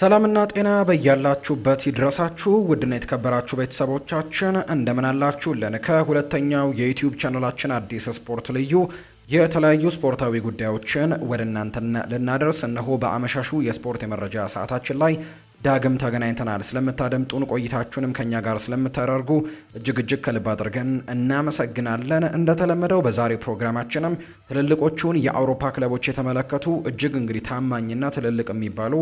ሰላምና ጤና በያላችሁበት ይድረሳችሁ ውድና የተከበራችሁ ቤተሰቦቻችን እንደምን አላችሁልን? ከሁለተኛው የዩቲዩብ ቻናላችን አዲስ ስፖርት ልዩ የተለያዩ ስፖርታዊ ጉዳዮችን ወደ እናንተ ልናደርስ እነሆ በአመሻሹ የስፖርት የመረጃ ሰዓታችን ላይ ዳግም ተገናኝተናል። ስለምታደምጡን ቆይታችሁንም ከኛ ጋር ስለምታደርጉ እጅግ እጅግ ከልብ አድርገን እናመሰግናለን። እንደተለመደው በዛሬው ፕሮግራማችንም ትልልቆቹን የአውሮፓ ክለቦች የተመለከቱ እጅግ እንግዲህ ታማኝና ትልልቅ የሚባሉ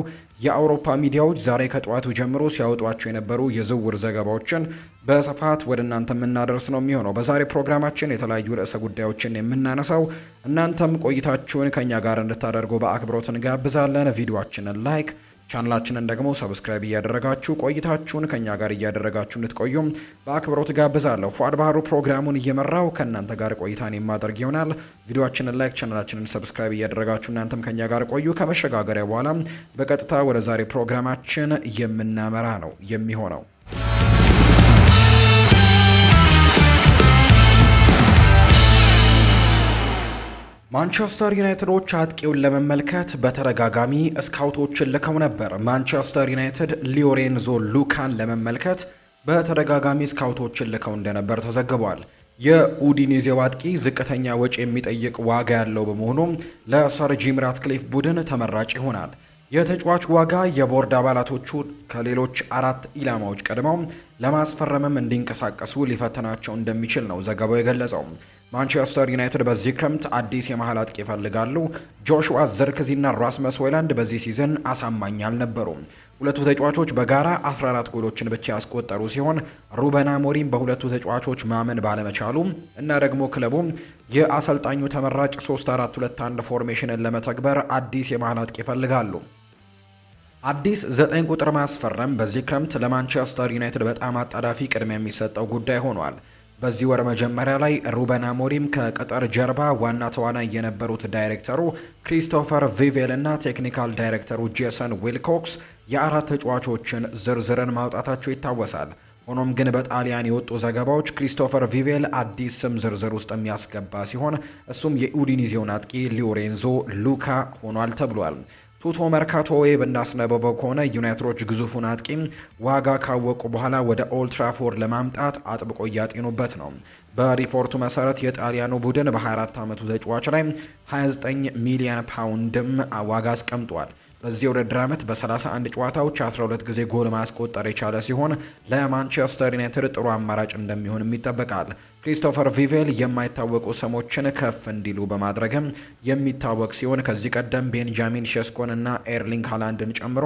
የአውሮፓ ሚዲያዎች ዛሬ ከጠዋቱ ጀምሮ ሲያወጧቸው የነበሩ የዝውውር ዘገባዎችን በስፋት ወደ እናንተ የምናደርስ ነው የሚሆነው። በዛሬ ፕሮግራማችን የተለያዩ ርዕሰ ጉዳዮችን የምናነሳው እናንተም ቆይታችሁን ከኛ ጋር እንድታደርጉ በአክብሮት እንጋብዛለን። ቪዲዮችንን ላይክ ቻናላችንን ደግሞ ሰብስክራይብ እያደረጋችሁ ቆይታችሁን ከኛ ጋር እያደረጋችሁ እንድትቆዩም በአክብሮት ጋብዛለሁ። ፏድ ባህሩ ፕሮግራሙን እየመራው ከእናንተ ጋር ቆይታን የማደርግ ይሆናል። ቪዲዮችንን ላይክ፣ ቻናላችንን ሰብስክራይብ እያደረጋችሁ እናንተም ከኛ ጋር ቆዩ። ከመሸጋገሪያ በኋላ በቀጥታ ወደ ዛሬ ፕሮግራማችን የምናመራ ነው የሚሆነው ማንቸስተር ዩናይትዶች አጥቂውን ለመመልከት በተደጋጋሚ ስካውቶችን ልከው ነበር። ማንቸስተር ዩናይትድ ሊዮሬንዞ ሉካን ለመመልከት በተደጋጋሚ ስካውቶችን ልከው እንደነበር ተዘግቧል። የኡዲኔዜው አጥቂ ዝቅተኛ ወጪ የሚጠይቅ ዋጋ ያለው በመሆኑም ለሰር ጂም ራትክሊፍ ቡድን ተመራጭ ይሆናል። የተጫዋች ዋጋ የቦርድ አባላቶቹ ከሌሎች አራት ኢላማዎች ቀድመው ለማስፈረምም እንዲንቀሳቀሱ ሊፈትናቸው እንደሚችል ነው ዘገባው የገለጸው። ማንቸስተር ዩናይትድ በዚህ ክረምት አዲስ የመሀል አጥቂ ይፈልጋሉ። ጆሹዋ ዘርክዚና ራስመስ ሆይላንድ በዚህ ሲዝን አሳማኝ አልነበሩም። ሁለቱ ተጫዋቾች በጋራ 14 ጎሎችን ብቻ ያስቆጠሩ ሲሆን ሩበን አሞሪም በሁለቱ ተጫዋቾች ማመን ባለመቻሉ እና ደግሞ ክለቡ የአሰልጣኙ ተመራጭ 3 4 2 1 ፎርሜሽንን ለመተግበር አዲስ የመሀል አጥቂ ይፈልጋሉ። አዲስ ዘጠኝ ቁጥር ማስፈረም በዚህ ክረምት ለማንቸስተር ዩናይትድ በጣም አጣዳፊ ቅድሚያ የሚሰጠው ጉዳይ ሆኗል። በዚህ ወር መጀመሪያ ላይ ሩበን አሞሪም ከቅጥር ጀርባ ዋና ተዋናይ የነበሩት ዳይሬክተሩ ክሪስቶፈር ቪቬል እና ቴክኒካል ዳይሬክተሩ ጄሰን ዊልኮክስ የአራት ተጫዋቾችን ዝርዝርን ማውጣታቸው ይታወሳል። ሆኖም ግን በጣሊያን የወጡ ዘገባዎች ክሪስቶፈር ቪቬል አዲስ ስም ዝርዝር ውስጥ የሚያስገባ ሲሆን እሱም የኡዲኒዜውን አጥቂ ሊዮሬንዞ ሉካ ሆኗል ተብሏል። ቱቶ መርካቶ ዌብ እንዳስነበበው ከሆነ ዩናይትዶች ግዙፉን አጥቂ ዋጋ ካወቁ በኋላ ወደ ኦልድ ለማምጣት አጥብቆ እያጤኑበት ነው። በሪፖርቱ መሰረት የጣሊያኑ ቡድን በ24 ዓመቱ ተጫዋች ላይ 29 ሚሊዮን ፓውንድም ዋጋ አስቀምጧል። በዚህ ውድድር ዓመት በ31 ጨዋታዎች 12 ጊዜ ጎል ማስቆጠር የቻለ ሲሆን ለማንቸስተር ዩናይትድ ጥሩ አማራጭ እንደሚሆንም ይጠበቃል። ክሪስቶፈር ቪቬል የማይታወቁ ስሞችን ከፍ እንዲሉ በማድረግም የሚታወቅ ሲሆን ከዚህ ቀደም ቤንጃሚን ሸስኮን እና ኤርሊንግ ሃላንድን ጨምሮ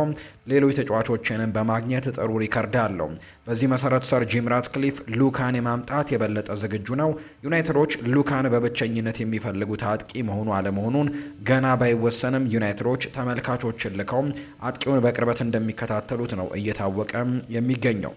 ሌሎች ተጫዋቾችንም በማግኘት ጥሩ ሪከርድ አለው። በዚህ መሰረት ሰር ጂም ራትክሊፍ ሉካን የማምጣት የበለጠ ዝግጁ ነው። ዩናይትዶች ሉካን በብቸኝነት የሚፈልጉት አጥቂ መሆኑ አለመሆኑን ገና ባይወሰንም ዩናይትዶች ተመልካቾችን ልከው አጥቂውን በቅርበት እንደሚከታተሉት ነው እየታወቀ የሚገኘው።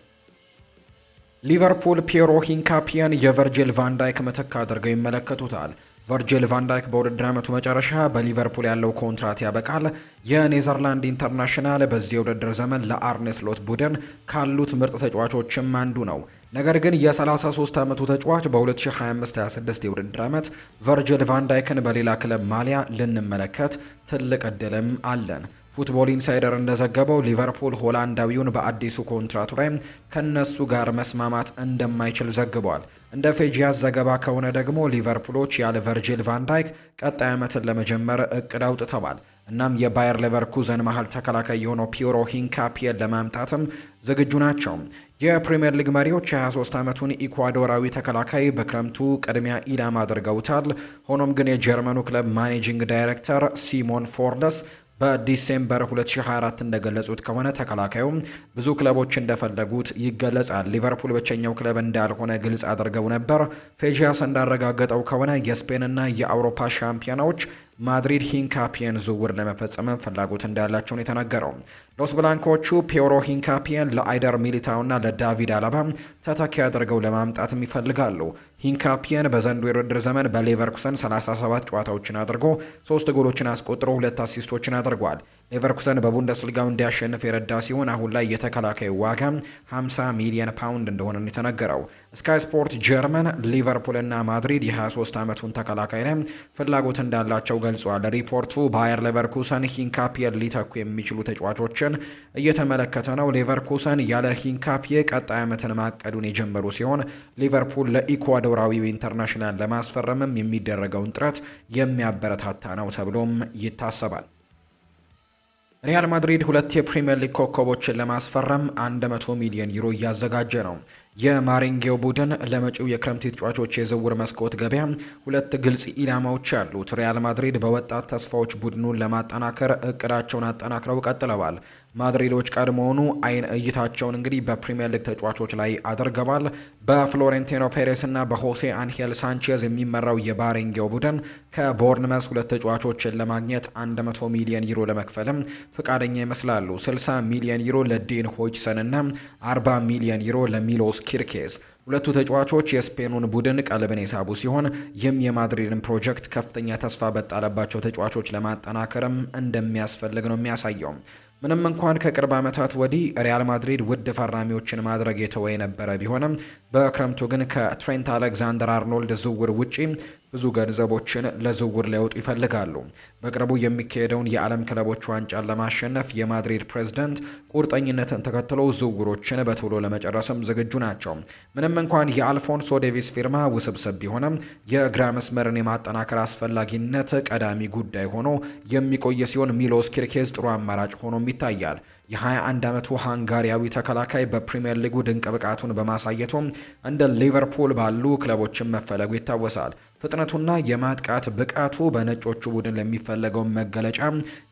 ሊቨርፑል ፒሮ ሂንካፒየን የቨርጅል ቫንዳይክ ምትክ አድርገው ይመለከቱታል። ቨርጅል ቫንዳይክ በውድድር ዓመቱ መጨረሻ በሊቨርፑል ያለው ኮንትራት ያበቃል። የኔዘርላንድ ኢንተርናሽናል በዚህ የውድድር ዘመን ለአርኔስሎት ቡድን ካሉት ምርጥ ተጫዋቾችም አንዱ ነው። ነገር ግን የ33 ዓመቱ ተጫዋች በ2025/26 የውድድር ዓመት ቨርጅል ቫንዳይክን በሌላ ክለብ ማሊያ ልንመለከት ትልቅ እድልም አለን። ፉትቦል ኢንሳይደር እንደዘገበው ሊቨርፑል ሆላንዳዊውን በአዲሱ ኮንትራቱ ላይ ከነሱ ጋር መስማማት እንደማይችል ዘግቧል። እንደ ፌጂያስ ዘገባ ከሆነ ደግሞ ሊቨርፑሎች ያለ ቨርጂል ቫንዳይክ ቀጣይ ዓመትን ለመጀመር እቅድ አውጥተዋል። እናም የባየር ሌቨርኩዘን መሀል ተከላካይ የሆነው ፒሮ ሂንካፒየን ለማምጣትም ዝግጁ ናቸው። የፕሪምየር ሊግ መሪዎች የ23 ዓመቱን ኢኳዶራዊ ተከላካይ በክረምቱ ቅድሚያ ኢላማ አድርገውታል። ሆኖም ግን የጀርመኑ ክለብ ማኔጂንግ ዳይሬክተር ሲሞን ፎርለስ በዲሴምበር 2024 እንደገለጹት ከሆነ ተከላካዩ ብዙ ክለቦች እንደፈለጉት ይገለጻል። ሊቨርፑል ብቸኛው ክለብ እንዳልሆነ ግልጽ አድርገው ነበር። ፌጂያስ እንዳረጋገጠው ከሆነ የስፔንና የአውሮፓ ሻምፒዮናዎች ማድሪድ ሂንካፒየን ዝውውር ለመፈጸምም ፍላጎት እንዳላቸውን የተነገረው ሎስ ብላንኮቹ ፔሮ ሂንካፒየን ለአይደር ሚሊታውና ለዳቪድ አላባ ተተኪ አድርገው ለማምጣትም ይፈልጋሉ። ሂንካፒየን በዘንድሮው የውድድር ዘመን በሌቨርኩሰን 37 ጨዋታዎችን አድርጎ ሶስት ጎሎችን አስቆጥሮ ሁለት አሲስቶችን አድርጓል። ሌቨርኩሰን በቡንደስሊጋው እንዲያሸንፍ የረዳ ሲሆን አሁን ላይ የተከላካዩ ዋጋ 50 ሚሊየን ፓውንድ እንደሆነ የተነገረው ስካይ ስፖርት ጀርመን ሊቨርፑልና ማድሪድ የ23 ዓመቱን ተከላካይ ላይ ፍላጎት እንዳላቸው ገልጿል። ሪፖርቱ ባየር ሌቨርኩሰን ሂንካፒየን ሊተኩ የሚችሉ ተጫዋቾችን እየተመለከተ ነው። ሌቨርኩሰን ያለ ሂንካፒየ ቀጣይ ዓመትን ማቀዱን የጀመሩ ሲሆን ሊቨርፑል ለኢኳዶራዊው ኢንተርናሽናል ለማስፈረምም የሚደረገውን ጥረት የሚያበረታታ ነው ተብሎም ይታሰባል። ሪያል ማድሪድ ሁለት የፕሪምየር ሊግ ኮከቦችን ለማስፈረም 100 ሚሊዮን ዩሮ እያዘጋጀ ነው። የማሪንጌው ቡድን ለመጪው የክረምት ተጫዋቾች የዝውውር መስኮት ገበያ ሁለት ግልጽ ኢላማዎች አሉት። ሪያል ማድሪድ በወጣት ተስፋዎች ቡድኑን ለማጠናከር እቅዳቸውን አጠናክረው ቀጥለዋል። ማድሪዶች ቀድሞውኑ አይን እይታቸውን እንግዲህ በፕሪምየር ሊግ ተጫዋቾች ላይ አድርገዋል። በፍሎሬንቲኖ ፔሬስ እና በሆሴ አንሄል ሳንቼዝ የሚመራው የባሬንጌው ቡድን ከቦርንመስ ሁለት ተጫዋቾችን ለማግኘት 100 ሚሊዮን ዩሮ ለመክፈልም ፍቃደኛ ይመስላሉ። 60 ሚሊዮን ዩሮ ለዴን ሆይችሰን እና 40 ሚሊዮን ዩሮ ለሚሎስ ኪርኬዝ ሁለቱ ተጫዋቾች የስፔኑን ቡድን ቀልብን የሳቡ ሲሆን ይህም የማድሪድን ፕሮጀክት ከፍተኛ ተስፋ በጣለባቸው ተጫዋቾች ለማጠናከርም እንደሚያስፈልግ ነው የሚያሳየው። ምንም እንኳን ከቅርብ ዓመታት ወዲህ ሪያል ማድሪድ ውድ ፈራሚዎችን ማድረግ የተወ የነበረ ቢሆንም በክረምቱ ግን ከትሬንት አሌክዛንደር አርኖልድ ዝውውር ውጪ ብዙ ገንዘቦችን ለዝውውር ሊያወጡ ይፈልጋሉ። በቅርቡ የሚካሄደውን የዓለም ክለቦች ዋንጫን ለማሸነፍ የማድሪድ ፕሬዝዳንት ቁርጠኝነትን ተከትሎ ዝውውሮችን በቶሎ ለመጨረስም ዝግጁ ናቸው። ምንም እንኳን የአልፎንሶ ዴቪስ ፊርማ ውስብስብ ቢሆንም የግራ መስመርን የማጠናከር አስፈላጊነት ቀዳሚ ጉዳይ ሆኖ የሚቆይ ሲሆን ሚሎስ ኪርኬዝ ጥሩ አማራጭ ሆኖም ይታያል። የ21 ዓመቱ ሃንጋሪያዊ ተከላካይ በፕሪምየር ሊጉ ድንቅ ብቃቱን በማሳየቱ እንደ ሊቨርፑል ባሉ ክለቦችን መፈለጉ ይታወሳል። ፍጥነቱና የማጥቃት ብቃቱ በነጮቹ ቡድን ለሚፈለገው መገለጫ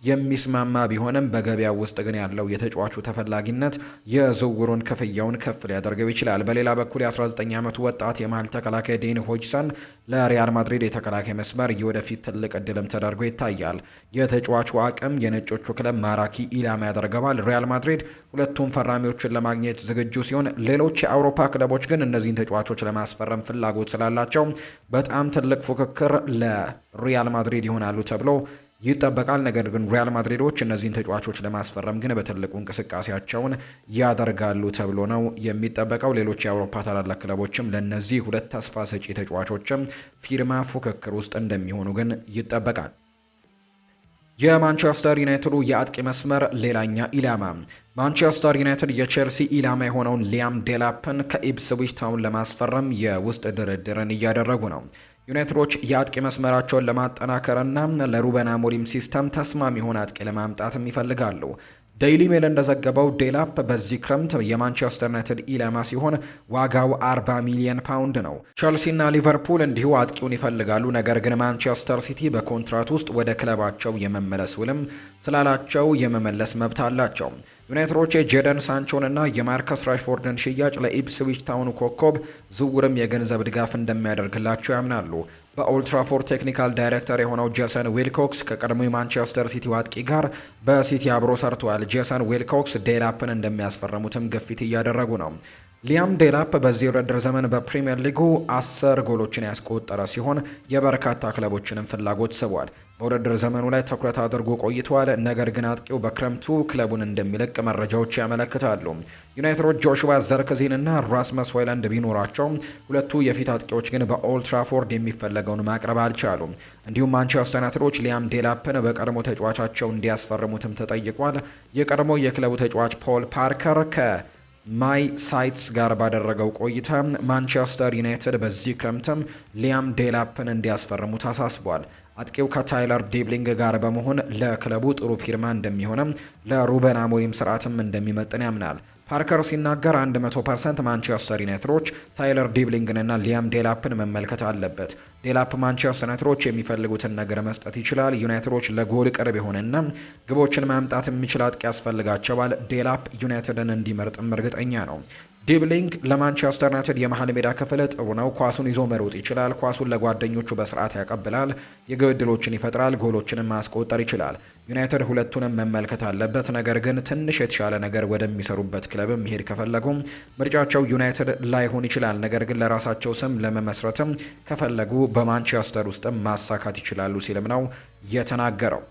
የሚስማማ ቢሆንም በገበያ ውስጥ ግን ያለው የተጫዋቹ ተፈላጊነት የዝውውሩን ክፍያውን ከፍ ሊያደርገው ይችላል። በሌላ በኩል የ19 ዓመቱ ወጣት የመሀል ተከላካይ ዴን ሆጅሰን ለሪያል ማድሪድ የተከላካይ መስመር የወደፊት ትልቅ እድልም ተደርጎ ይታያል። የተጫዋቹ አቅም የነጮቹ ክለብ ማራኪ ኢላማ ያደርገዋል። ሪያል ማድሪድ ሁለቱም ፈራሚዎችን ለማግኘት ዝግጁ ሲሆን፣ ሌሎች የአውሮፓ ክለቦች ግን እነዚህን ተጫዋቾች ለማስፈረም ፍላጎት ስላላቸው በጣም ትልቅ ፉክክር ለሪያል ማድሪድ ይሆናሉ ተብሎ ይጠበቃል። ነገር ግን ሪያል ማድሪዶች እነዚህን ተጫዋቾች ለማስፈረም ግን በትልቁ እንቅስቃሴያቸውን ያደርጋሉ ተብሎ ነው የሚጠበቀው። ሌሎች የአውሮፓ ታላላቅ ክለቦችም ለእነዚህ ሁለት ተስፋ ሰጪ ተጫዋቾችም ፊርማ ፉክክር ውስጥ እንደሚሆኑ ግን ይጠበቃል። የማንቸስተር ዩናይትዱ የአጥቂ መስመር ሌላኛ ኢላማ ማንቸስተር ዩናይትድ የቼልሲ ኢላማ የሆነውን ሊያም ዴላፕን ከኢፕስዊች ታውን ለማስፈረም የውስጥ ድርድርን እያደረጉ ነው። ዩናይትዶች የአጥቂ መስመራቸውን ለማጠናከርና ለሩበን አሞሪም ሲስተም ተስማሚ የሆነ አጥቂ ለማምጣትም ይፈልጋሉ። ዴይሊ ሜል እንደዘገበው ዴላፕ በዚህ ክረምት የማንቸስተር ዩናይትድ ኢላማ ሲሆን ዋጋው 40 ሚሊዮን ፓውንድ ነው። ቸልሲና ሊቨርፑል እንዲሁ አጥቂውን ይፈልጋሉ። ነገር ግን ማንቸስተር ሲቲ በኮንትራት ውስጥ ወደ ክለባቸው የመመለስ ውልም ስላላቸው የመመለስ መብት አላቸው። ዩናይትዶች የጄደን ሳንቾንና የማርከስ ራሽፎርድን ሽያጭ ለኢፕስዊች ታውን ኮከብ ዝውውርም የገንዘብ ድጋፍ እንደሚያደርግላቸው ያምናሉ። በኦልትራፎርድ ቴክኒካል ዳይሬክተር የሆነው ጄሰን ዊልኮክስ ከቀድሞ የማንቸስተር ሲቲ አጥቂ ጋር በሲቲ አብሮ ሰርቷል። ጄሰን ዊልኮክስ ዴላፕን እንደሚያስፈርሙትም ግፊት እያደረጉ ነው። ሊያም ዴላፕ በዚህ ውድድር ዘመን በፕሪምየር ሊጉ አስር ጎሎችን ያስቆጠረ ሲሆን የበርካታ ክለቦችንም ፍላጎት ስቧል። በውድድር ዘመኑ ላይ ትኩረት አድርጎ ቆይተዋል። ነገር ግን አጥቂው በክረምቱ ክለቡን እንደሚለቅ መረጃዎች ያመለክታሉ። ዩናይትዶች ጆሹዋ ዘርክዚን እና ራስመስ ሆይላንድ ቢኖራቸው ሁለቱ የፊት አጥቂዎች ግን በኦልትራፎርድ የሚፈለገውን ማቅረብ አልቻሉም። እንዲሁም ማንቸስተር ዩናይትዶች ሊያም ዴላፕን በቀድሞ ተጫዋቻቸው እንዲያስፈርሙትም ተጠይቋል። የቀድሞ የክለቡ ተጫዋች ፖል ፓርከር ከ ማይ ሳይትስ ጋር ባደረገው ቆይታ ማንቸስተር ዩናይትድ በዚህ ክረምትም ሊያም ዴላፕን እንዲያስፈርሙ ታሳስቧል። አጥቂው ከታይለር ዴብሊንግ ጋር በመሆን ለክለቡ ጥሩ ፊርማ እንደሚሆንም ለሩበን አሞሪም ስርዓትም እንደሚመጥን ያምናል። ፓርከር ሲናገር 100 ማንቸስተር ዩናይትዶች ታይለር ዲብሊንግንና ሊያም ዴላፕን መመልከት አለበት። ዴላፕ ማንቸስተር ዩናይትዶች የሚፈልጉትን ነገር መስጠት ይችላል። ዩናይትዶች ለጎል ቅርብ የሆነና ግቦችን ማምጣት የሚችል አጥቂ ያስፈልጋቸዋል። ዴላፕ ዩናይትድን እንዲመርጥም እርግጠኛ ነው። ዲብሊንግ ለማንቸስተር ዩናይትድ የመሀል ሜዳ ክፍል ጥሩ ነው። ኳሱን ይዞ መሮጥ ይችላል። ኳሱን ለጓደኞቹ በስርዓት ያቀብላል። የግብ ዕድሎችን ይፈጥራል። ጎሎችንም ማስቆጠር ይችላል። ዩናይትድ ሁለቱንም መመልከት አለበት። ነገር ግን ትንሽ የተሻለ ነገር ወደሚሰሩበት ክለብ መሄድ ከፈለጉም ምርጫቸው ዩናይትድ ላይሆን ይችላል። ነገር ግን ለራሳቸው ስም ለመመስረትም ከፈለጉ በማንቸስተር ውስጥም ማሳካት ይችላሉ ሲልም ነው የተናገረው።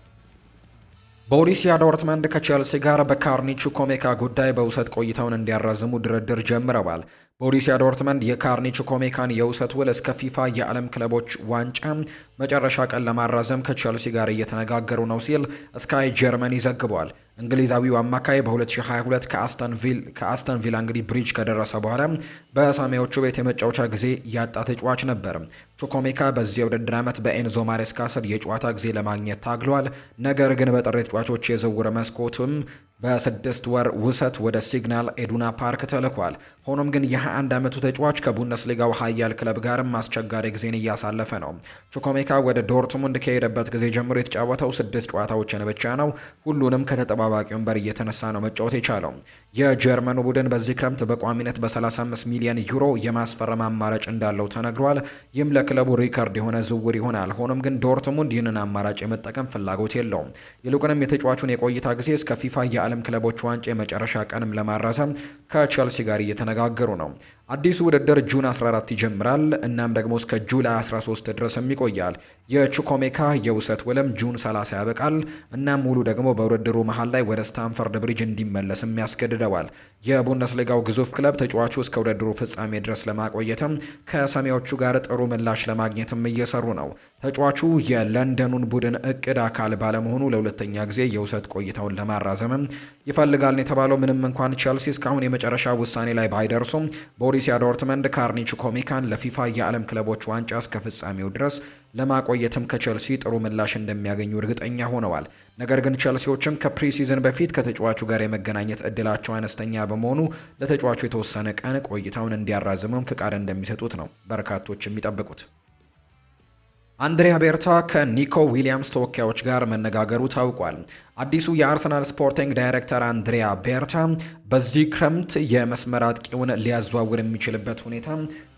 ቦሩሲያ ዶርትመንድ ከቼልሲ ጋር በካርኒቹ ኮሜካ ጉዳይ በውሰት ቆይታውን እንዲያራዝሙ ድርድር ጀምረዋል። ቦሩሲያ ዶርትመንድ የካርኒቹ ኮሜካን የውሰት ውል እስከ ፊፋ የዓለም ክለቦች ዋንጫ መጨረሻ ቀን ለማራዘም ከቼልሲ ጋር እየተነጋገሩ ነው ሲል ስካይ ጀርመኒ ዘግቧል። እንግሊዛዊው አማካይ በ2022 ከአስተን ቪላ እንግዲህ ብሪጅ ከደረሰ በኋላ በሰማያዊዎቹ ቤት የመጫወቻ ጊዜ ያጣ ተጫዋች ነበር። ቹኮሜካ በዚህ የውድድር ዓመት በኤንዞ ማሬስካ ስር የጨዋታ ጊዜ ለማግኘት ታግሏል። ነገር ግን በጥር ተጫዋቾች የዝውውር መስኮቱም በስድስት ወር ውሰት ወደ ሲግናል ኤዱና ፓርክ ተልኳል። ሆኖም ግን የ21 ዓመቱ ተጫዋች ከቡንደስሊጋው ኃያል ክለብ ጋርም አስቸጋሪ ጊዜን እያሳለፈ ነው። ቹኮሜካ ወደ ዶርትሙንድ ከሄደበት ጊዜ ጀምሮ የተጫወተው ስድስት ጨዋታዎችን ብቻ ነው። ሁሉንም ከተጠ ተጠባባቂ ወንበር እየተነሳ ነው መጫወት የቻለው። የጀርመኑ ቡድን በዚህ ክረምት በቋሚነት በ35 ሚሊዮን ዩሮ የማስፈረም አማራጭ እንዳለው ተነግሯል። ይህም ለክለቡ ሪከርድ የሆነ ዝውውር ይሆናል። ሆኖም ግን ዶርትሙንድ ይህንን አማራጭ የመጠቀም ፍላጎት የለውም። ይልቁንም የተጫዋቹን የቆይታ ጊዜ እስከ ፊፋ የዓለም ክለቦች ዋንጫ የመጨረሻ ቀንም ለማራዘም ከቼልሲ ጋር እየተነጋገሩ ነው። አዲሱ ውድድር ጁን 14 ይጀምራል። እናም ደግሞ እስከ ጁላይ 13 ድረስም ይቆያል። የቹኮሜካ የውሰት ወለም ጁን 30 ያበቃል። እናም ሙሉ ደግሞ በውድድሩ መሀል ላይ ወደ ስታንፈርድ ብሪጅ እንዲመለስም ያስገድደዋል። የቡንደስሊጋው ግዙፍ ክለብ ተጫዋቹ እስከ ውድድሩ ፍጻሜ ድረስ ለማቆየትም ከሰሜዎቹ ጋር ጥሩ ምላሽ ለማግኘትም እየሰሩ ነው። ተጫዋቹ የለንደኑን ቡድን እቅድ አካል ባለመሆኑ ለሁለተኛ ጊዜ የውሰት ቆይታውን ለማራዘምም ይፈልጋል የተባለው ምንም እንኳን ቼልሲ እስካሁን የመጨረሻ ውሳኔ ላይ ባይደርሱም ቦሩሲያ ዶርትመንድ ካርኒች ኮሚካን ለፊፋ የዓለም ክለቦች ዋንጫ እስከ ፍጻሜው ድረስ ለማቆየትም ከቸልሲ ጥሩ ምላሽ እንደሚያገኙ እርግጠኛ ሆነዋል። ነገር ግን ቸልሲዎችም ከፕሪሲዝን በፊት ከተጫዋቹ ጋር የመገናኘት እድላቸው አነስተኛ በመሆኑ ለተጫዋቹ የተወሰነ ቀን ቆይታውን እንዲያራዝምም ፍቃድ እንደሚሰጡት ነው በርካቶች የሚጠብቁት። አንድሪያ ቤርታ ከኒኮ ዊሊያምስ ተወካዮች ጋር መነጋገሩ ታውቋል። አዲሱ የአርሰናል ስፖርቲንግ ዳይሬክተር አንድሪያ ቤርታ በዚህ ክረምት የመስመር አጥቂውን ሊያዘዋውር የሚችልበት ሁኔታ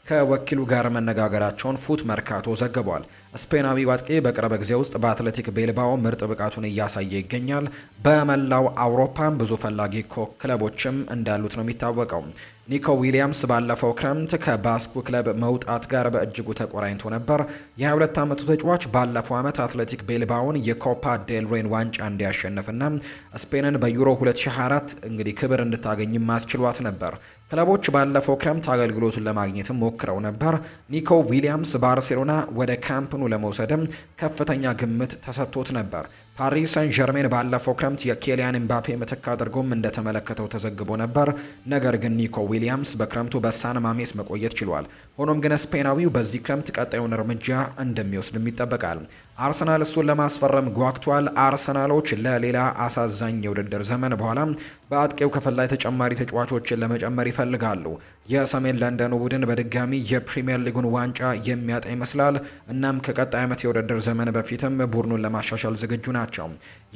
ከወኪሉ ጋር መነጋገራቸውን ፉት መርካቶ ዘግቧል። ስፔናዊው አጥቂ በቅርብ ጊዜ ውስጥ በአትሌቲክ ቤልባኦ ምርጥ ብቃቱን እያሳየ ይገኛል። በመላው አውሮፓም ብዙ ፈላጊ ኮ ክለቦችም እንዳሉት ነው የሚታወቀው። ኒኮ ዊሊያምስ ባለፈው ክረምት ከባስኩ ክለብ መውጣት ጋር በእጅጉ ተቆራኝቶ ነበር። የ22 ዓመቱ ተጫዋች ባለፈው ዓመት አትሌቲክ ቤልባውን የኮፓ ዴል ሬን ዋንጫ እንዲያሸንፍና ስፔንን በዩሮ 2024 እንግዲህ ክብር እንድታገኝ ማስችሏት ነበር። ክለቦች ባለፈው ክረምት አገልግሎቱን ለማግኘትም ሞክረው ነበር። ኒኮ ዊሊያምስ ባርሴሎና ወደ ካምፕኑ ለመውሰድም ከፍተኛ ግምት ተሰጥቶት ነበር። ፓሪስ ሳን ዠርሜን ባለፈው ክረምት የኬሊያን ኤምባፔ ምትክ አድርጎም እንደተመለከተው ተዘግቦ ነበር። ነገር ግን ኒኮ ዊሊያምስ በክረምቱ በሳን ማሜስ መቆየት ችሏል። ሆኖም ግን ስፔናዊው በዚህ ክረምት ቀጣዩን እርምጃ እንደሚወስድም ይጠበቃል። አርሰናል እሱን ለማስፈረም ጓግቷል። አርሰናሎች ለሌላ አሳዛኝ የውድድር ዘመን በኋላ በአጥቂው ክፍል ላይ ተጨማሪ ተጫዋቾችን ለመጨመር ይፈልጋሉ። የሰሜን ለንደኑ ቡድን በድጋሚ የፕሪምየር ሊጉን ዋንጫ የሚያጣ ይመስላል። እናም ከቀጣይ ዓመት የውድድር ዘመን በፊትም ቡድኑን ለማሻሻል ዝግጁ ናቸው።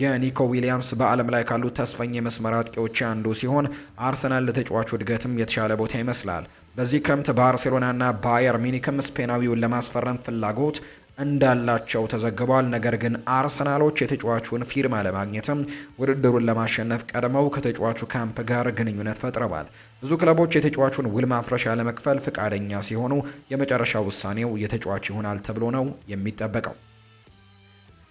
የኒኮ ዊሊያምስ በዓለም ላይ ካሉት ተስፈኝ የመስመር አጥቂዎች አንዱ ሲሆን አርሰናል ለተጫዋቹ እድገትም የተሻለ ቦታ ይመስላል። በዚህ ክረምት ባርሴሎናና ባየር ሚኒክም ስፔናዊውን ለማስፈረም ፍላጎት እንዳላቸው ተዘግቧል። ነገር ግን አርሰናሎች የተጫዋቹን ፊርማ ለማግኘትም ውድድሩን ለማሸነፍ ቀድመው ከተጫዋቹ ካምፕ ጋር ግንኙነት ፈጥረዋል። ብዙ ክለቦች የተጫዋቹን ውል ማፍረሻ ለመክፈል ፍቃደኛ ሲሆኑ የመጨረሻ ውሳኔው የተጫዋች ይሆናል ተብሎ ነው የሚጠበቀው።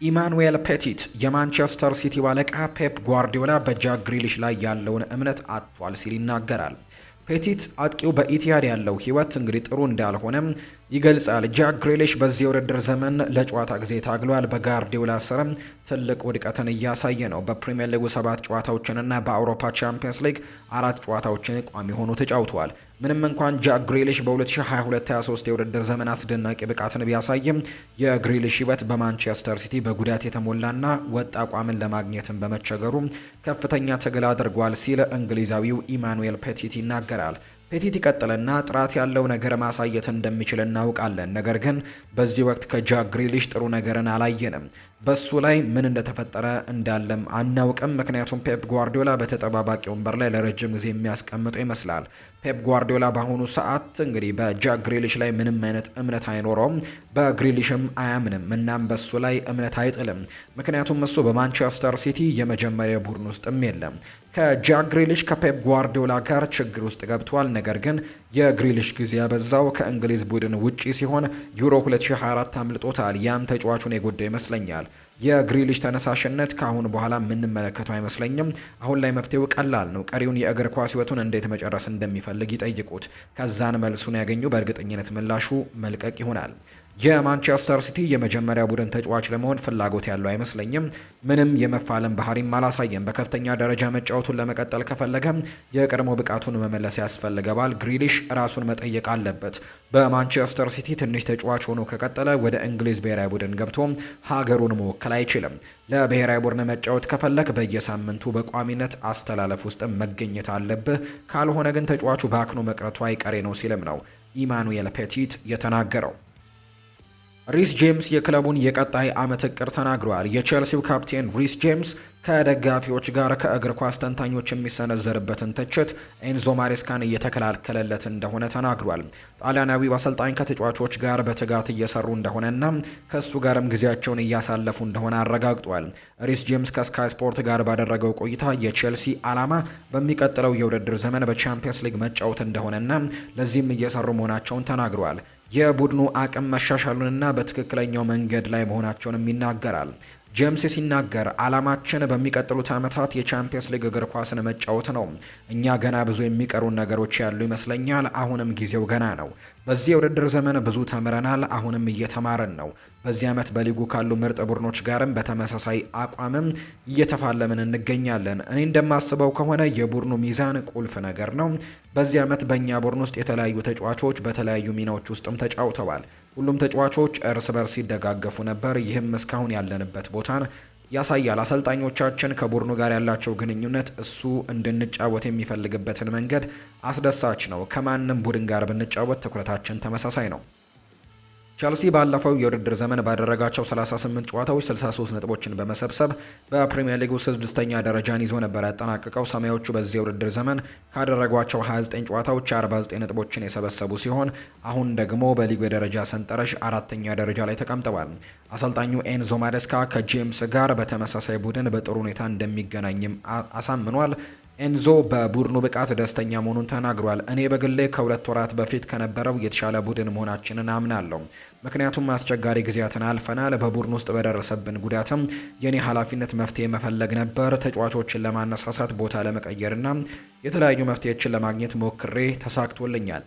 ኢማኑኤል ፔቲት የማንቸስተር ሲቲ ባለቃ ፔፕ ጓርዲዮላ በጃክ ግሪሊሽ ላይ ያለውን እምነት አጥቷል ሲል ይናገራል። ፔቲት አጥቂው በኢትያድ ያለው ህይወት እንግዲህ ጥሩ እንዳልሆነም ይገልጻል። ጃክ ግሪሊሽ በዚህ የውድድር ዘመን ለጨዋታ ጊዜ ታግሏል። በጋርዲዮላ ስርም ትልቅ ውድቀትን እያሳየ ነው። በፕሪምየር ሊጉ ሰባት ጨዋታዎችንና በአውሮፓ ቻምፒየንስ ሊግ አራት ጨዋታዎችን ቋሚ ሆኖ ተጫውተዋል። ምንም እንኳን ጃክ ግሪሊሽ በ2022/23 የውድድር ዘመን አስደናቂ ብቃትን ቢያሳይም የግሪሊሽ ሕይወት በማንቸስተር ሲቲ በጉዳት የተሞላና ወጥ አቋምን ለማግኘትን በመቸገሩ ከፍተኛ ትግል አድርጓል ሲል እንግሊዛዊው ኢማኑኤል ፔቲት ይናገራል። ፔቲት ይቀጥልና ጥራት ያለው ነገር ማሳየት እንደሚችል እናውቃለን። ነገር ግን በዚህ ወቅት ከጃክ ግሪሊሽ ጥሩ ነገርን አላየንም። በሱ ላይ ምን እንደተፈጠረ እንዳለም አናውቅም፣ ምክንያቱም ፔፕ ጓርዲዮላ በተጠባባቂ ወንበር ላይ ለረጅም ጊዜ የሚያስቀምጠው ይመስላል። ፔፕ ጓርዲዮላ በአሁኑ ሰዓት እንግዲህ በጃክ ግሪሊሽ ላይ ምንም አይነት እምነት አይኖረውም። በግሪሊሽም አያምንም፣ እናም በሱ ላይ እምነት አይጥልም። ምክንያቱም እሱ በማንቸስተር ሲቲ የመጀመሪያ ቡድን ውስጥም የለም። ከጃክ ግሪሊሽ ከፔፕ ጓርዲዮላ ጋር ችግር ውስጥ ገብቷል። ነገር ግን የግሪሊሽ ጊዜ ያበዛው ከእንግሊዝ ቡድን ውጪ ሲሆን ዩሮ 2024 አምልጦታል። ያም ተጫዋቹን የጎዳ ይመስለኛል። የግሪሊሽ ተነሳሽነት ከአሁን በኋላ የምንመለከተው አይመስለኝም። አሁን ላይ መፍትሄው ቀላል ነው። ቀሪውን የእግር ኳስ ህይወቱን እንዴት መጨረስ እንደሚፈልግ ይጠይቁት። ከዛን መልሱን ያገኙ በእርግጠኝነት ምላሹ መልቀቅ ይሆናል። የማንቸስተር ሲቲ የመጀመሪያ ቡድን ተጫዋች ለመሆን ፍላጎት ያለው አይመስለኝም። ምንም የመፋለም ባህሪም አላሳየም። በከፍተኛ ደረጃ መጫወቱን ለመቀጠል ከፈለገ የቀድሞ ብቃቱን መመለስ ያስፈልገባል። ግሪሊሽ ራሱን መጠየቅ አለበት። በማንቸስተር ሲቲ ትንሽ ተጫዋች ሆኖ ከቀጠለ ወደ እንግሊዝ ብሔራዊ ቡድን ገብቶ ሀገሩን መወከል አይችልም። ለብሔራዊ ቡድን መጫወት ከፈለግ በየሳምንቱ በቋሚነት አስተላለፍ ውስጥ መገኘት አለብህ። ካልሆነ ግን ተጫዋቹ በአክኖ መቅረቱ አይቀሬ ነው ሲልም ነው ኢማኑኤል ፔቲት የተናገረው። ሪስ ጄምስ የክለቡን የቀጣይ ዓመት እቅድ ተናግረዋል። የቼልሲው ካፕቴን ሪስ ጄምስ ከደጋፊዎች ጋር ከእግር ኳስ ተንታኞች የሚሰነዘርበትን ትችት ኤንዞ ማሬስካን እየተከላከለለት እንደሆነ ተናግሯል። ጣሊያናዊ አሰልጣኝ ከተጫዋቾች ጋር በትጋት እየሰሩ እንደሆነና ከእሱ ጋርም ጊዜያቸውን እያሳለፉ እንደሆነ አረጋግጧል። ሪስ ጄምስ ከስካይ ስፖርት ጋር ባደረገው ቆይታ የቼልሲ ዓላማ በሚቀጥለው የውድድር ዘመን በቻምፒየንስ ሊግ መጫወት እንደሆነና ለዚህም እየሰሩ መሆናቸውን ተናግሯል። የቡድኑ አቅም መሻሻሉንና በትክክለኛው መንገድ ላይ መሆናቸውንም ይናገራል። ጀምስ ሲናገር አላማችን በሚቀጥሉት ዓመታት የቻምፒየንስ ሊግ እግር ኳስን መጫወት ነው። እኛ ገና ብዙ የሚቀሩን ነገሮች ያሉ ይመስለኛል። አሁንም ጊዜው ገና ነው። በዚህ የውድድር ዘመን ብዙ ተምረናል። አሁንም እየተማርን ነው። በዚህ ዓመት በሊጉ ካሉ ምርጥ ቡድኖች ጋርም በተመሳሳይ አቋምም እየተፋለምን እንገኛለን። እኔ እንደማስበው ከሆነ የቡድኑ ሚዛን ቁልፍ ነገር ነው። በዚህ ዓመት በእኛ ቡድን ውስጥ የተለያዩ ተጫዋቾች በተለያዩ ሚናዎች ውስጥም ተጫውተዋል። ሁሉም ተጫዋቾች እርስ በርስ ሲደጋገፉ ነበር። ይህም እስካሁን ያለንበት ቦታን ያሳያል። አሰልጣኞቻችን ከቡድኑ ጋር ያላቸው ግንኙነት እሱ እንድንጫወት የሚፈልግበትን መንገድ አስደሳች ነው። ከማንም ቡድን ጋር ብንጫወት ትኩረታችን ተመሳሳይ ነው። ቸልሲ ባለፈው የውድድር ዘመን ባደረጋቸው 38 ጨዋታዎች 63 ነጥቦችን በመሰብሰብ በፕሪምየር ሊጉ ስድስተኛ ደረጃን ይዞ ነበር ያጠናቀቀው። ሰማዮቹ በዚህ የውድድር ዘመን ካደረጓቸው 29 ጨዋታዎች 49 ነጥቦችን የሰበሰቡ ሲሆን አሁን ደግሞ በሊጉ የደረጃ ሰንጠረዥ አራተኛ ደረጃ ላይ ተቀምጠዋል። አሰልጣኙ ኤንዞ ማሬስካ ከጄምስ ጋር በተመሳሳይ ቡድን በጥሩ ሁኔታ እንደሚገናኝም አሳምኗል። ኤንዞ በቡድኑ ብቃት ደስተኛ መሆኑን ተናግሯል። እኔ በግሌ ከሁለት ወራት በፊት ከነበረው የተሻለ ቡድን መሆናችንን አምናለሁ። ምክንያቱም አስቸጋሪ ጊዜያትን አልፈናል። በቡድን ውስጥ በደረሰብን ጉዳትም የኔ ኃላፊነት መፍትሄ መፈለግ ነበር። ተጫዋቾችን ለማነሳሳት፣ ቦታ ለመቀየርና የተለያዩ መፍትሄዎችን ለማግኘት ሞክሬ ተሳክቶልኛል።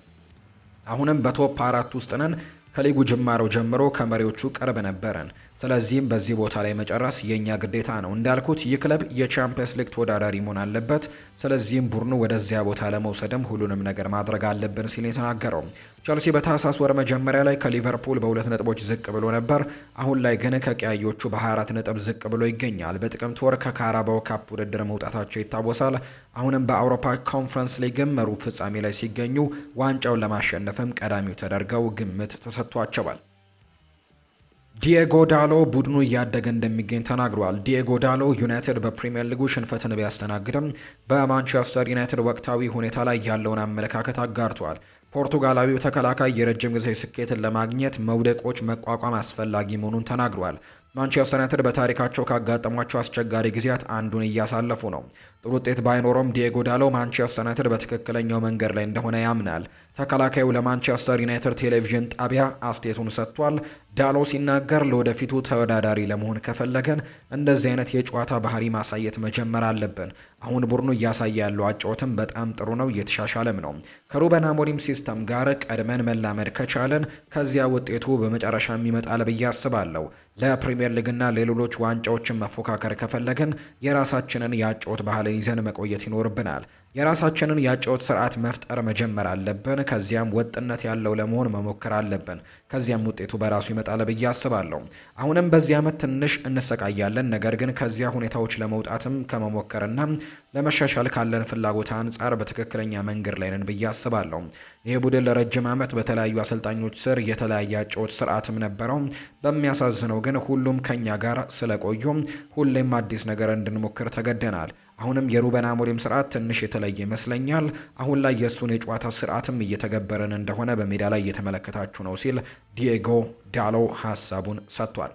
አሁንም በቶፕ አራት ውስጥ ነን። ከሊጉ ጅማሮ ጀምሮ ከመሪዎቹ ቅርብ ነበረን። ስለዚህም በዚህ ቦታ ላይ መጨረስ የእኛ ግዴታ ነው። እንዳልኩት ይህ ክለብ የቻምፒየንስ ሊግ ተወዳዳሪ መሆን አለበት። ስለዚህም ቡድኑ ወደዚያ ቦታ ለመውሰድም ሁሉንም ነገር ማድረግ አለብን ሲል የተናገረው ቸልሲ በታህሳስ ወር መጀመሪያ ላይ ከሊቨርፑል በሁለት ነጥቦች ዝቅ ብሎ ነበር። አሁን ላይ ግን ከቀያዮቹ በ24 ነጥብ ዝቅ ብሎ ይገኛል። በጥቅምት ወር ከካራባው ካፕ ውድድር መውጣታቸው ይታወሳል። አሁንም በአውሮፓ ኮንፈረንስ ሊግም መሩብ ፍጻሜ ላይ ሲገኙ ዋንጫውን ለማሸነፍም ቀዳሚው ተደርገው ግምት ተሰጥቷቸዋል። ዲኤጎ ዳሎ ቡድኑ እያደገ እንደሚገኝ ተናግሯል። ዲኤጎ ዳሎ ዩናይትድ በፕሪምየር ሊጉ ሽንፈትን ቢያስተናግድም በማንቸስተር ዩናይትድ ወቅታዊ ሁኔታ ላይ ያለውን አመለካከት አጋርቷል። ፖርቱጋላዊው ተከላካይ የረጅም ጊዜ ስኬትን ለማግኘት መውደቆች መቋቋም አስፈላጊ መሆኑን ተናግሯል። ማንቸስተር ዩናይትድ በታሪካቸው ካጋጠሟቸው አስቸጋሪ ጊዜያት አንዱን እያሳለፉ ነው። ጥሩ ውጤት ባይኖረውም ዲየጎ ዳሎ ማንቸስተር ዩናይትድ በትክክለኛው መንገድ ላይ እንደሆነ ያምናል። ተከላካዩ ለማንቸስተር ዩናይትድ ቴሌቪዥን ጣቢያ አስቴቱን ሰጥቷል። ዳሎ ሲናገር ለወደፊቱ ተወዳዳሪ ለመሆን ከፈለገን እንደዚህ አይነት የጨዋታ ባህሪ ማሳየት መጀመር አለብን። አሁን ቡድኑ እያሳየ ያለው አጫወትም በጣም ጥሩ ነው፣ እየተሻሻለም ነው። ከሩበን አሞሪም ሲስተም ጋር ቀድመን መላመድ ከቻለን ከዚያ ውጤቱ በመጨረሻ የሚመጣል ብዬ አስባለሁ። ለፕሪምየር ሊግና ለሌሎች ዋንጫዎችን መፎካከር ከፈለግን የራሳችንን የአጫወት ባህል ሞራልን ይዘን መቆየት ይኖርብናል። የራሳችንን የአጨዋወት ስርዓት መፍጠር መጀመር አለብን። ከዚያም ወጥነት ያለው ለመሆን መሞከር አለብን። ከዚያም ውጤቱ በራሱ ይመጣል ብዬ አስባለሁ። አሁንም በዚህ ዓመት ትንሽ እንሰቃያለን፣ ነገር ግን ከዚያ ሁኔታዎች ለመውጣትም ከመሞከርና ለመሻሻል ካለን ፍላጎት አንጻር በትክክለኛ መንገድ ላይ ነን ብዬ አስባለሁ። ይህ ቡድን ለረጅም ዓመት በተለያዩ አሰልጣኞች ስር የተለያየ የአጨዋወት ስርዓትም ነበረው። በሚያሳዝነው ግን ሁሉም ከኛ ጋር ስለቆዩ ሁሌም አዲስ ነገር እንድንሞክር ተገደናል። አሁንም የሩበን አሞሪም ስርዓት ትንሽ የተ የተለየ ይመስለኛል። አሁን ላይ የእሱን የጨዋታ ስርዓትም እየተገበረን እንደሆነ በሜዳ ላይ እየተመለከታችሁ ነው ሲል ዲኤጎ ዳሎ ሀሳቡን ሰጥቷል።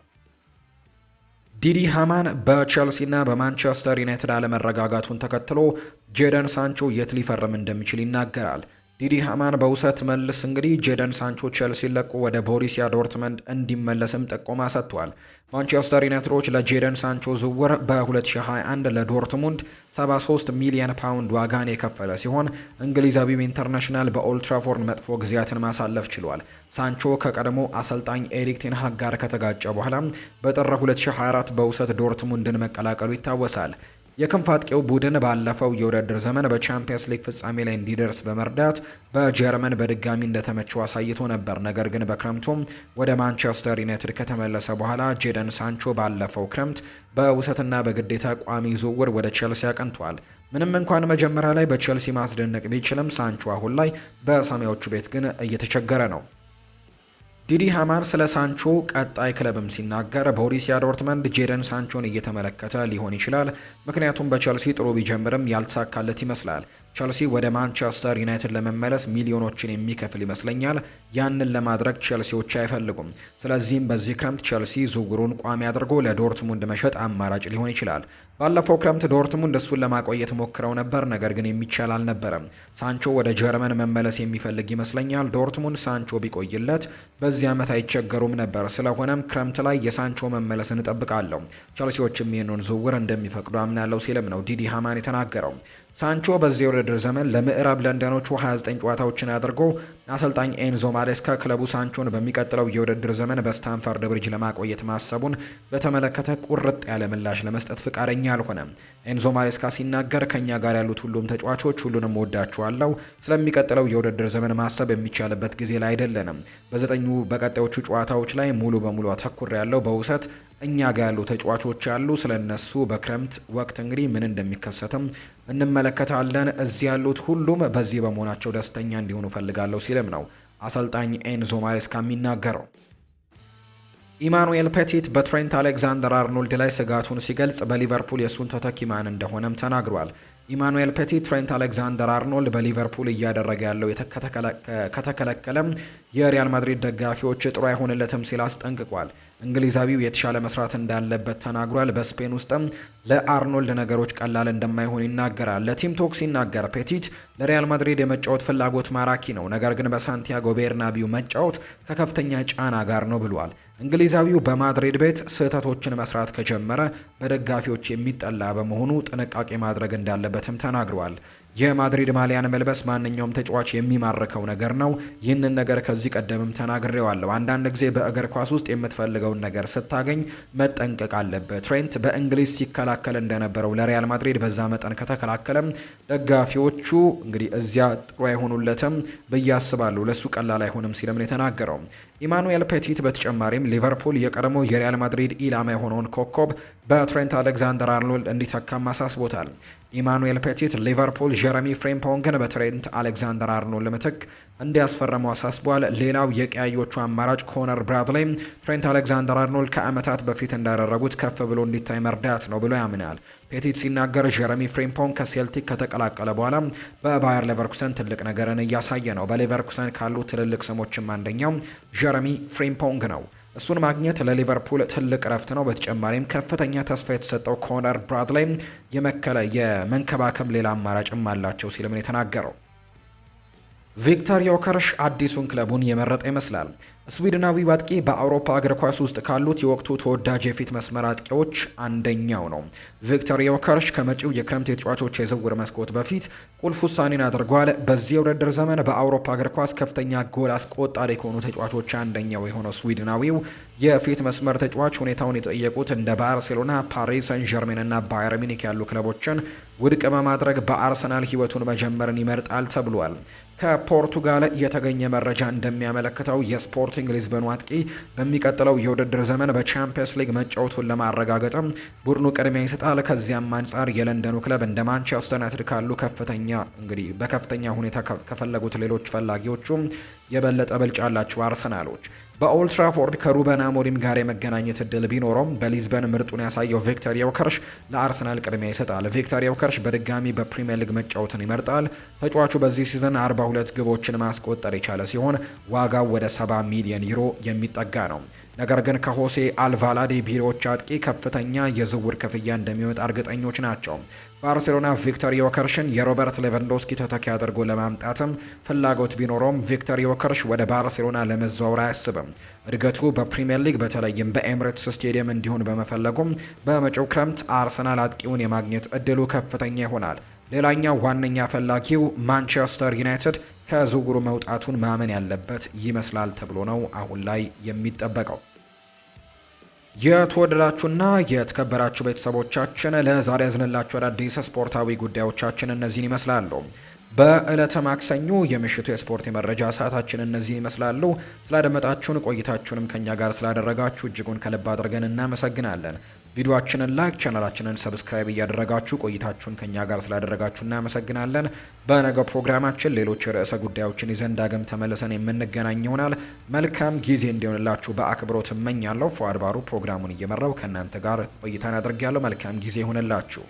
ዲዲ ሃማን በቼልሲና በማንቸስተር ዩናይትድ አለመረጋጋቱን ተከትሎ ጄደን ሳንቾ የት ሊፈርም እንደሚችል ይናገራል። ዲዲ ሃማን በውሰት መልስ እንግዲህ ጄደን ሳንቾ ቸልሲ ለቁ ወደ ቦሪሲያ ዶርትመንድ እንዲመለስም ጥቆማ ሰጥቷል። ማንቸስተር ዩናይትዶች ለጄደን ሳንቾ ዝውውር በ2021 ለዶርትሙንድ 73 ሚሊዮን ፓውንድ ዋጋን የከፈለ ሲሆን እንግሊዛዊው ኢንተርናሽናል በኦልትራፎርድ መጥፎ ጊዜያትን ማሳለፍ ችሏል። ሳንቾ ከቀድሞ አሰልጣኝ ኤሪክ ቴን ጋር ከተጋጨ በኋላ በጥር 2024 በውሰት ዶርትሙንድን መቀላቀሉ ይታወሳል። የክንፍ አጥቂው ቡድን ባለፈው የውድድር ዘመን በቻምፒየንስ ሊግ ፍጻሜ ላይ እንዲደርስ በመርዳት በጀርመን በድጋሚ እንደተመቸው አሳይቶ ነበር። ነገር ግን በክረምቱም ወደ ማንቸስተር ዩናይትድ ከተመለሰ በኋላ ጄደን ሳንቾ ባለፈው ክረምት በውሰትና በግዴታ ቋሚ ዝውውር ወደ ቼልሲ አቅንቷል። ምንም እንኳን መጀመሪያ ላይ በቼልሲ ማስደነቅ ቢችልም ሳንቾ አሁን ላይ በሰማያዊዎቹ ቤት ግን እየተቸገረ ነው። ዲዲ ሃማር ስለ ሳንቾ ቀጣይ ክለብም ሲናገር ቦሪሲያ ዶርትመንድ ጄደን ሳንቾን እየተመለከተ ሊሆን ይችላል። ምክንያቱም በቸልሲ ጥሩ ቢጀምርም ያልተሳካለት ይመስላል። ቸልሲ ወደ ማንቸስተር ዩናይትድ ለመመለስ ሚሊዮኖችን የሚከፍል ይመስለኛል። ያንን ለማድረግ ቸልሲዎች አይፈልጉም። ስለዚህም በዚህ ክረምት ቸልሲ ዝውውሩን ቋሚ አድርጎ ለዶርትሙንድ መሸጥ አማራጭ ሊሆን ይችላል። ባለፈው ክረምት ዶርትሙንድ እሱን ለማቆየት ሞክረው ነበር፣ ነገር ግን የሚቻል አልነበረም። ሳንቾ ወደ ጀርመን መመለስ የሚፈልግ ይመስለኛል። ዶርትሙንድ ሳንቾ ቢቆይለት በዚህ ዓመት አይቸገሩም ነበር። ስለሆነም ክረምት ላይ የሳንቾ መመለስ እንጠብቃለሁ። ቸልሲዎችም ይህንን ዝውውር እንደሚፈቅዱ አምናለሁ ሲልም ነው ዲዲ ሃማን የተናገረው። ሳንቾ በዚህ የውድድር ዘመን ለምዕራብ ለንደኖቹ 29 ጨዋታዎችን አድርጎ አሰልጣኝ ኤንዞ ማሬስካ ክለቡ ሳንቾን በሚቀጥለው የውድድር ዘመን በስታንፈርድ ብሪጅ ለማቆየት ማሰቡን በተመለከተ ቁርጥ ያለ ምላሽ ለመስጠት ፍቃደኛ አልሆነም። ኤንዞ ማሬስካ ሲናገር ከእኛ ጋር ያሉት ሁሉም ተጫዋቾች ሁሉንም ወዳቸዋለሁ። ስለሚቀጥለው የውድድር ዘመን ማሰብ የሚቻልበት ጊዜ ላይ አይደለንም። በዘጠኙ በቀጣዮቹ ጨዋታዎች ላይ ሙሉ በሙሉ አተኩር ያለው በውሰት እኛ ጋር ያሉ ተጫዋቾች አሉ ስለነሱ በክረምት ወቅት እንግዲህ ምን እንደሚከሰትም እንመለከታለን። እዚህ ያሉት ሁሉም በዚህ በመሆናቸው ደስተኛ እንዲሆኑ ፈልጋለሁ ሲልም ነው አሰልጣኝ ኤንዞ ማሬስካ የሚናገረው። ኢማኑኤል ፔቲት በትሬንት አሌክዛንደር አርኖልድ ላይ ስጋቱን ሲገልጽ በሊቨርፑል የእሱን ተተኪ ማን እንደሆነም ተናግሯል። ኢማኑኤል ፔቲት ትሬንት አሌክዛንደር አርኖልድ በሊቨርፑል እያደረገ ያለው ከተከለከለም የሪያል ማድሪድ ደጋፊዎች ጥሩ አይሆንለትም ሲል አስጠንቅቋል። እንግሊዛዊው የተሻለ መስራት እንዳለበት ተናግሯል። በስፔን ውስጥም ለአርኖልድ ነገሮች ቀላል እንደማይሆን ይናገራል። ለቲም ቶክ ሲናገር ፔቲት ለሪያል ማድሪድ የመጫወት ፍላጎት ማራኪ ነው፣ ነገር ግን በሳንቲያጎ ቤርናቢው መጫወት ከከፍተኛ ጫና ጋር ነው ብሏል። እንግሊዛዊው በማድሪድ ቤት ስህተቶችን መስራት ከጀመረ በደጋፊዎች የሚጠላ በመሆኑ ጥንቃቄ ማድረግ እንዳለበትም ተናግሯል። የማድሪድ ማሊያን መልበስ ማንኛውም ተጫዋች የሚማርከው ነገር ነው። ይህንን ነገር ከዚህ ቀደምም ተናግሬዋለሁ። አንዳንድ ጊዜ በእግር ኳስ ውስጥ የምትፈልገውን ነገር ስታገኝ መጠንቀቅ አለበት። ትሬንት በእንግሊዝ ሲከላከል እንደነበረው ለሪያል ማድሪድ በዛ መጠን ከተከላከለም ደጋፊዎቹ እንግዲህ እዚያ ጥሩ አይሆኑለትም ብዬ አስባለሁ። ለሱ ቀላል አይሆንም ሲልም ነው የተናገረው። ኢማኑኤል ፔቲት በተጨማሪም ሊቨርፑል የቀድሞ የሪያል ማድሪድ ኢላማ የሆነውን ኮከብ በትሬንት አሌክዛንደር አርኖልድ እንዲተካም አሳስቦታል። ኢማኑኤል ፔቲት ሊቨርፑል ጀረሚ ፍሬምፖንግን በትሬንት አሌክዛንደር አርኖልድ ምትክ እንዲያስፈረሙ አሳስቧል። ሌላው የቀያዮቹ አማራጭ ኮነር ብራድሌይ ትሬንት አሌክዛንደር አርኖልድ ከዓመታት በፊት እንዳደረጉት ከፍ ብሎ እንዲታይ መርዳት ነው ብሎ ያምናል። ፔቲት ሲናገር ጀረሚ ፍሬምፖንግ ከሴልቲክ ከተቀላቀለ በኋላ በባየር ሌቨርኩሰን ትልቅ ነገርን እያሳየ ነው። በሌቨርኩሰን ካሉ ትልልቅ ስሞችም አንደኛው ጀረሚ ፍሬምፖንግ ነው። እሱን ማግኘት ለሊቨርፑል ትልቅ ረፍት ነው። በተጨማሪም ከፍተኛ ተስፋ የተሰጠው ኮነር ብራድላይ የመከለ የመንከባከብ ሌላ አማራጭም አላቸው ሲልም ነው የተናገረው። ቪክተር ዮከርሽ አዲሱን ክለቡን የመረጠ ይመስላል። ስዊድናዊ አጥቂ በአውሮፓ እግር ኳስ ውስጥ ካሉት የወቅቱ ተወዳጅ የፊት መስመር አጥቂዎች አንደኛው ነው። ቪክተር ዮከርሽ ከመጪው የክረምት የተጫዋቾች የዝውውር መስኮት በፊት ቁልፍ ውሳኔን አድርጓል። በዚህ የውድድር ዘመን በአውሮፓ እግር ኳስ ከፍተኛ ጎል አስቆጣሪ ከሆኑ ተጫዋቾች አንደኛው የሆነው ስዊድናዊው የፊት መስመር ተጫዋች ሁኔታውን የጠየቁት እንደ ባርሴሎና፣ ፓሪስ ሰን ጀርሜን እና ባየር ሚኒክ ያሉ ክለቦችን ውድቅ በማድረግ በአርሰናል ህይወቱን መጀመርን ይመርጣል ተብሏል። ከፖርቱጋል የተገኘ መረጃ እንደሚያመለክተው የስፖርቲንግ ሊዝበን አጥቂ በሚቀጥለው የውድድር ዘመን በቻምፒየንስ ሊግ መጫወቱን ለማረጋገጥም ቡድኑ ቅድሚያ ይሰጣል። ከዚያም አንጻር የለንደኑ ክለብ እንደ ማንቸስተር ዩናይትድ ካሉ ከፍተኛ እንግዲህ በከፍተኛ ሁኔታ ከፈለጉት ሌሎች ፈላጊዎቹም የበለጠ ብልጫ አላቸው አርሰናሎች። በኦልትራፎርድ ከሩበን አሞሪም ጋር የመገናኘት እድል ቢኖረውም በሊዝበን ምርጡን ያሳየው ቪክተር የውከርሽ ለአርሰናል ቅድሚያ ይሰጣል። ቪክተር የውከርሽ በድጋሚ በፕሪምየር ሊግ መጫወትን ይመርጣል። ተጫዋቹ በዚህ ሲዘን 42 ግቦችን ማስቆጠር የቻለ ሲሆን ዋጋው ወደ 70 ሚሊዮን ዩሮ የሚጠጋ ነው። ነገር ግን ከሆሴ አልቫላዴ ቢሮዎች አጥቂ ከፍተኛ የዝውውር ክፍያ እንደሚወጣ እርግጠኞች ናቸው። ባርሴሎና ቪክተር ዮከርሽን የሮበርት ሌቫንዶስኪ ተተኪ አድርጎ ለማምጣትም ፍላጎት ቢኖረውም ቪክተር ዮከርሽ ወደ ባርሴሎና ለመዘዋወር አያስብም። እድገቱ በፕሪምየር ሊግ በተለይም በኤምሬትስ ስቴዲየም እንዲሆን በመፈለጉም በመጪው ክረምት አርሰናል አጥቂውን የማግኘት እድሉ ከፍተኛ ይሆናል። ሌላኛው ዋነኛ ፈላጊው ማንቸስተር ዩናይትድ ከዝውውሩ መውጣቱን ማመን ያለበት ይመስላል ተብሎ ነው አሁን ላይ የሚጠበቀው። የተወደዳችሁና የተከበራችሁ ቤተሰቦቻችን ለዛሬ ያዝንላችሁ አዳዲስ ስፖርታዊ ጉዳዮቻችን እነዚህን ይመስላሉ። በዕለተ ማክሰኞ የምሽቱ የስፖርት የመረጃ ሰዓታችን እነዚህን ይመስላሉ። ስላደመጣችሁን ቆይታችሁንም ከኛ ጋር ስላደረጋችሁ እጅጉን ከልብ አድርገን እናመሰግናለን። ቪዲዮአችንን ላይክ ቻናላችንን ሰብስክራይብ እያደረጋችሁ ቆይታችሁን ከኛ ጋር ስላደረጋችሁ እናመሰግናለን። በነገው ፕሮግራማችን ሌሎች ርዕሰ ጉዳዮችን ይዘን ዳግም ተመልሰን የምንገናኝ ይሆናል። መልካም ጊዜ እንዲሆንላችሁ በአክብሮት እመኛለሁ። ፏአድባሩ ፕሮግራሙን እየመራው ከእናንተ ጋር ቆይታን አድርጌያለሁ። መልካም ጊዜ ይሆንላችሁ።